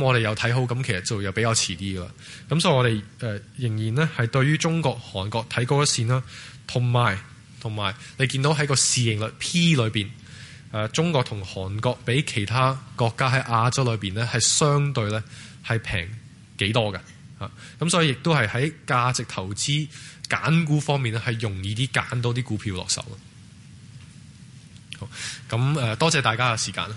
咁、嗯、我哋又睇好，咁其實就又比較遲啲啦。咁所以我哋誒、呃、仍然呢係對於中國、韓國睇高一線啦。同埋同埋，你見到喺個市盈率 P 裏邊誒、呃，中國同韓國比其他國家喺亞洲裏邊呢係相對呢係平幾多嘅咁、啊、所以亦都係喺價值投資揀股方面呢係容易啲揀到啲股票落手咯咁誒、嗯呃、多謝大家嘅時間啦。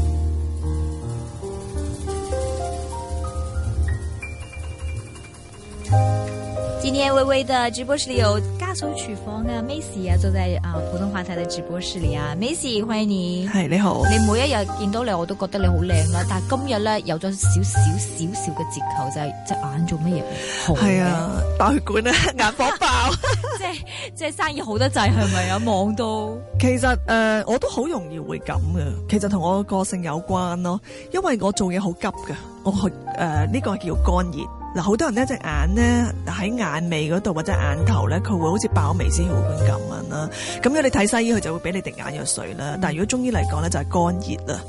微微嘅，直播室裏有家嫂廚房啊 Maisie 啊，坐在啊普通話台的直播室裏啊 Maisie 歡迎你，係你好，你每一日見到你我都覺得你好靚啦，但係今日咧有咗少少少少嘅折扣就係、是、隻、就是、眼做乜嘢紅？係啊，爆血管啊， 眼火爆，即係即係生意好得滯，係咪啊？望到，其實誒、呃，我都好容易會咁嘅，其實同我個性有關咯，因為我做嘢好急噶，我誒呢、呃這個叫肝熱。嗱，好多人咧隻眼咧喺眼眉嗰度或者眼頭咧，佢會好似爆眉先好咁樣啦。咁樣你睇西醫佢就會俾你滴眼藥水啦。但係如果中醫嚟講咧，就係肝熱啦。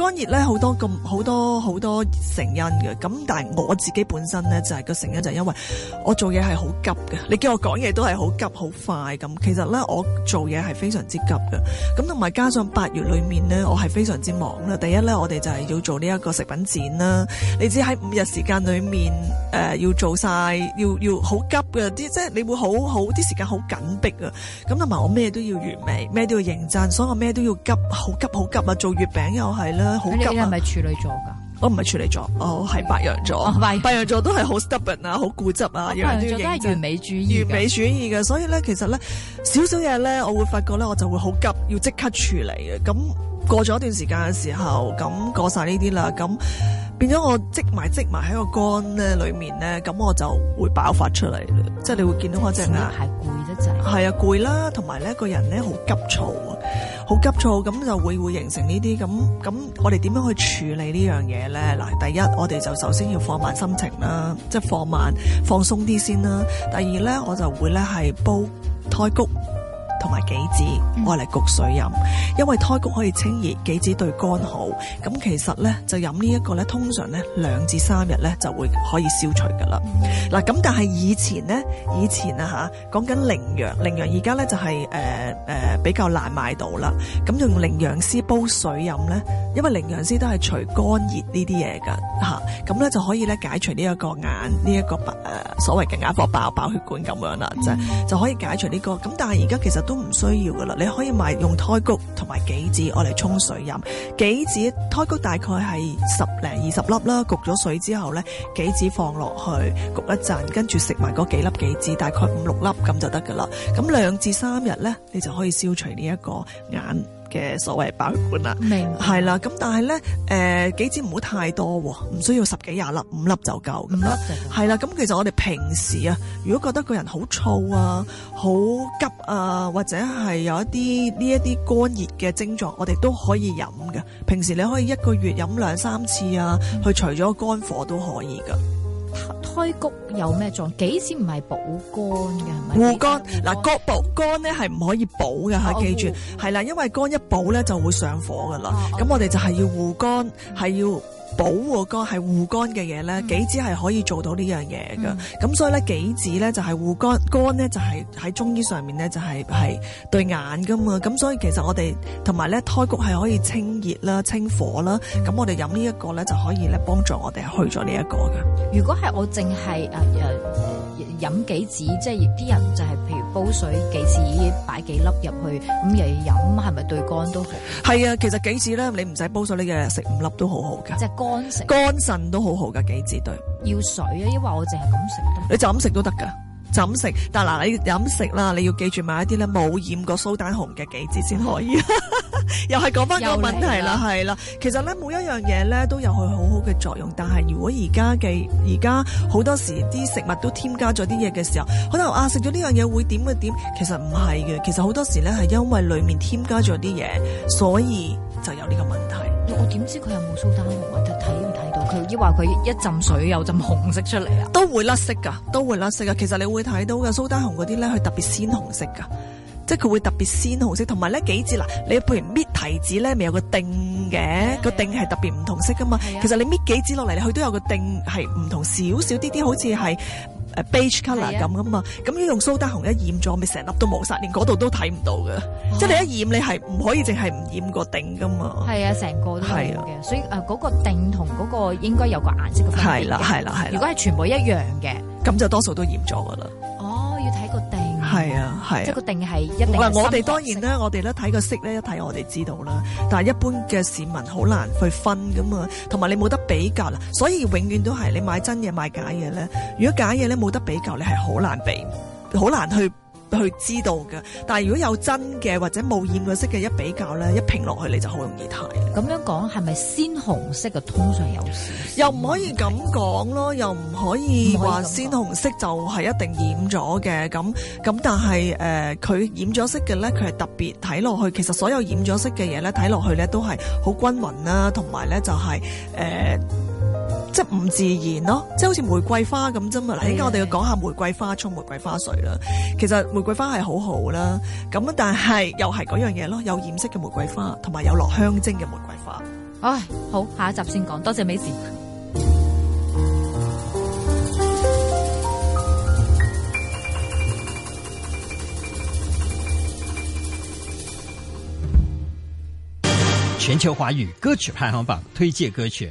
肝熱咧，好多咁好多好多成因嘅。咁但係我自己本身咧，就係個成因就係因為我做嘢係好急嘅，你叫我講嘢都係好急好快咁。其實咧我做嘢係非常之急嘅，咁同埋加上八月裏面咧我係非常之忙啦，第一咧我哋就係要做呢一個食品展啦，你知喺五日時間裏面，誒，要做晒要要好急。啲即係你會好好啲時間好緊迫啊，咁同埋我咩都要完美，咩都要認真，所以我咩都要急，好急好急啊！做月餅又係啦，好急啊！你係咪處女座噶？我唔係處女座，我係白羊座，哦，白羊座。白羊座都係好 stubborn 啊，好固執啊，有啲認真。係完美主義，完美主義嘅，所以咧其實咧少少嘢咧我會發覺咧我就會好急，要即刻處理嘅咁。過咗一段時間嘅時候，咁過晒呢啲啦，咁變咗我積埋積埋喺個肝咧裏面咧，咁我就會爆發出嚟，嗯、即係你會見到我隻牙係攰得滯，係啊，攰啦，同埋咧個人咧好急躁啊，好急躁，咁就會會形成呢啲咁。咁我哋點樣去處理呢樣嘢咧？嗱，第一我哋就首先要放慢心情啦，即係放慢放鬆啲先啦。第二咧我就會咧係煲胎菊。同埋杞子，我嚟焗水飲，因為胎菊可以清熱，杞子對肝好。咁其實咧，就飲呢一個咧，通常咧兩至三日咧就會可以消除㗎啦。嗱、嗯，咁、啊、但係以前咧，以前啊嚇講緊羚羊，羚羊而家咧就係誒誒比較難買到啦。咁、啊、用羚羊絲煲水飲咧，因為羚羊絲都係除肝熱呢啲嘢㗎嚇。咁、啊、咧就可以咧解除呢一個眼呢一、呢個不、呃、所謂嘅眼火爆、爆血管咁樣啦，就、嗯、就可以解除呢、呢個。咁但係而家其實。.都唔需要噶啦，你可以買用胎菊同埋杞子我嚟沖水飲，杞子、胎菊大概係十零二十粒啦，焗咗水之後呢，杞子放落去焗一陣，跟住食埋嗰幾粒杞子，大概五六粒咁就得噶啦。咁兩至三日呢，你就可以消除呢一個眼。嘅所謂包管啦，係啦，咁但係咧，誒、呃、杞子唔好太多喎，唔需要十幾廿粒，五粒就夠，五粒就係啦。咁其實我哋平時啊，如果覺得個人好燥啊、好急啊，或者係有一啲呢一啲肝熱嘅症狀，我哋都可以飲㗎。平時你可以一個月飲兩三次啊，嗯、去除咗肝火都可以噶。開谷有咩作用？幾時唔係補肝嘅？護肝嗱，各補肝咧係唔可以補嘅吓，記住係啦、啊，因為肝一補咧就會上火噶啦。咁、啊啊、我哋就係要護肝，係、啊啊、要。嗯保護肝係護肝嘅嘢咧，杞子係可以做到呢樣嘢嘅。咁、嗯、所以咧，杞子咧就係、係、護肝，肝咧就係、係、喺中醫上面咧就係、係、係、嗯、對眼噶嘛。咁所以其實我哋同埋咧胎菊係可以清熱啦、清火啦。咁、嗯、我哋飲呢個呢一個咧就可以咧幫助我哋去咗呢一個嘅。如果係我淨係啊。飲杞子，即係啲人就係譬如煲水杞子，擺幾粒入去，咁又要飲，係咪對肝都好？係啊，其實杞子咧，你唔使煲水，你日日食五粒都好好噶。即係乾食，肝腎都好好噶杞子對。要水啊，因為我淨係咁食。你就咁食都得噶，就咁食。但嗱，你飲食啦，你要記住買一啲咧冇染過蘇丹紅嘅杞子先可以。又係講翻個問題啦，係啦，其實咧每一樣嘢咧都有佢好好嘅作用，但係如果而家嘅而家好多時啲食物都添加咗啲嘢嘅時候，可能啊食咗呢樣嘢會點會點，其實唔係嘅，其實好多時咧係因為裏面添加咗啲嘢，所以就有呢個問題。我點知佢有冇蘇丹紅或者睇唔睇到佢？佢話佢一浸水有浸紅色出嚟啊，都會甩色噶，都會甩色噶。其實你會睇到嘅蘇丹紅嗰啲咧，佢特別鮮紅色噶。即係佢會特別鮮紅色，同埋呢幾枝嗱，你譬如搣提子咧，咪有個頂嘅、啊，啊、個頂係特別唔同色噶嘛、啊。其實你搣幾枝落嚟，你去都有個頂，係唔同，少少啲啲，好似係 beige colour 咁噶、啊、嘛。咁要用蘇丹紅一染咗，咪成粒都冇晒，連嗰度都睇唔到㗎、啊。即係你一染，你係唔可以淨係唔染個頂噶嘛。係啊，成個都係嘅、啊。所以嗰、嗰個頂同嗰個應該有個顏色嘅分別。係啦、啊，係啦、啊啊，如果係全部一樣嘅，咁就多數都染咗㗎啦。係啊，係、啊。即係個定係一定。嗱、啊啊，我哋當然啦，我哋咧睇個色咧一睇，我哋知道啦。但係一般嘅市民好難去分㗎嘛，同埋你冇得比較啦。所以永遠都係你買真嘢買假嘢咧。如果假嘢咧冇得比較，你係好難比，好難去。去知道嘅，但係如果有真嘅或者冇染咗色嘅一比較咧，一評落去你就好容易睇。咁樣講係咪鮮紅色嘅通常有？又唔可以咁講咯，又唔可以話鮮紅色就係一定染咗嘅。咁咁但係誒，佢、呃、染咗色嘅咧，佢係特別睇落去。其實所有染咗色嘅嘢咧，睇落去咧都係好均勻啦、啊，同埋咧就係、是、誒。呃即係唔自然咯，即係好似玫瑰花咁啫嘛。而家我哋要講下玫瑰花沖玫瑰花水啦。其實玫瑰花係好好啦，咁但係又係嗰樣嘢咯，有染色嘅玫瑰花同埋有落香精嘅玫瑰花。唉，好，下一集先講。多謝美事。全球華語歌曲排行榜推薦歌曲。